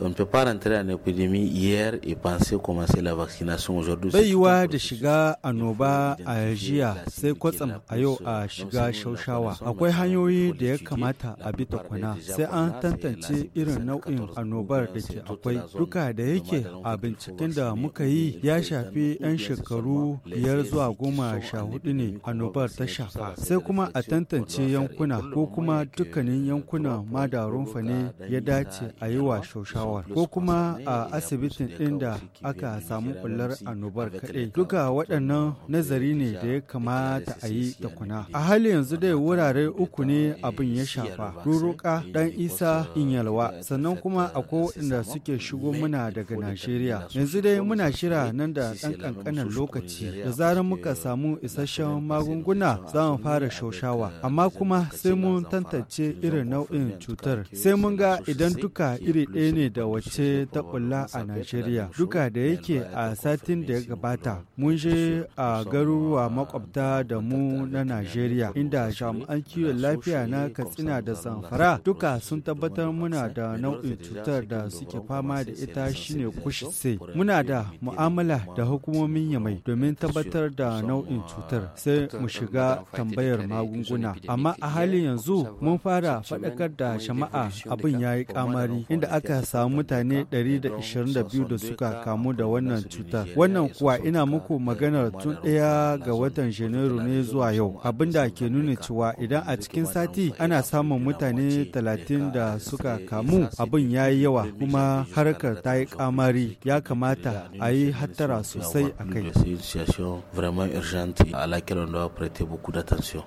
On peut pas rentrer en épidémie hier et penser commencer la vaccination aujourd'hui. Baiwa da shiga annoba a jiya sai kwatsam a yau euh, a shiga shaushawa. Akwai hanyoyi da ya kamata a bi kwana sai an tantance irin nau'in annobar da ke akwai. Duka da yake a binciken da muka yi ya shafi 'yan shekaru biyar zuwa goma sha hudu ne annobar ta shafa. Sai kuma a tantance yankuna ko kuma dukkanin yankuna ma da rumfa ne ya dace a yi wa shaushawa. kulawar ko kuma a asibitin inda aka samu bullar annobar kaɗai duka waɗannan nazari ne da ya kamata a yi tukuna a hali yanzu dai wurare uku ne abin ya shafa ruruka dan isa inyalwa sannan kuma akwai waɗanda suke shigo muna daga najeriya yanzu dai muna shira nan da ɗan ƙanƙanin lokaci da zarar muka samu isasshen magunguna za mu fara shaushawa amma kuma sai mun tantance irin nau'in cutar sai mun ga idan duka iri ɗaya ne da wace ta bulla a Najeriya. Duka da yake a satin da ya gabata, mun je a garuruwa makwabta da mu na Najeriya, inda jami'an kiwon lafiya na Katsina da Zamfara duka sun tabbatar muna da nau'in cutar da suke fama da ita shine kushe. Muna da mu'amala da hukumomin yamai domin tabbatar da nau'in cutar sai mu shiga tambayar magunguna. Amma a halin yanzu mun fara faɗakar da jama'a abin ya yi kamari inda aka samu samu mutane 122 da suka kamu da wannan cutar. Wannan kuwa ina muku maganar tun ɗaya ga watan Janairu ne zuwa yau. abin da ke nuna cewa idan a cikin sati ana samun mutane 30 da suka kamu abin ya yi yawa kuma harkar ta yi kamari ya kamata a yi hattara sosai a kai.